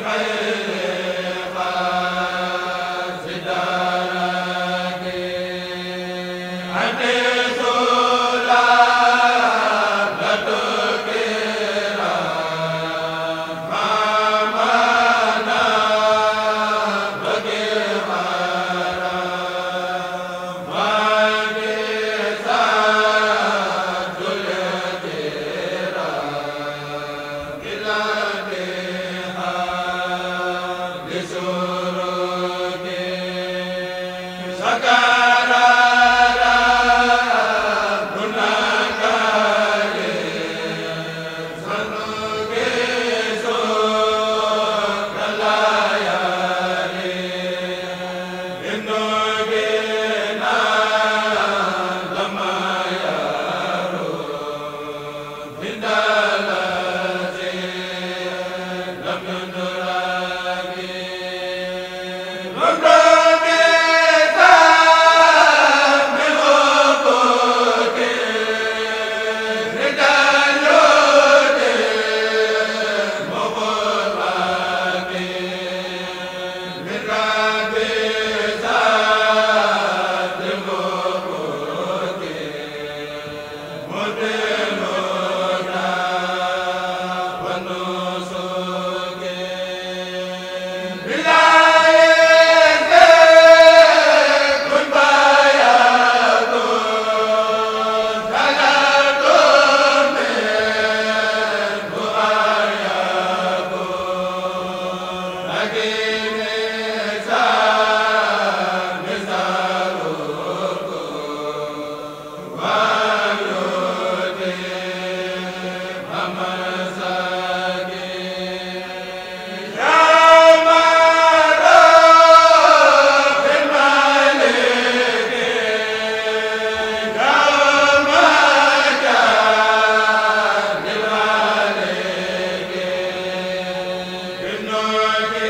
الخير Amen.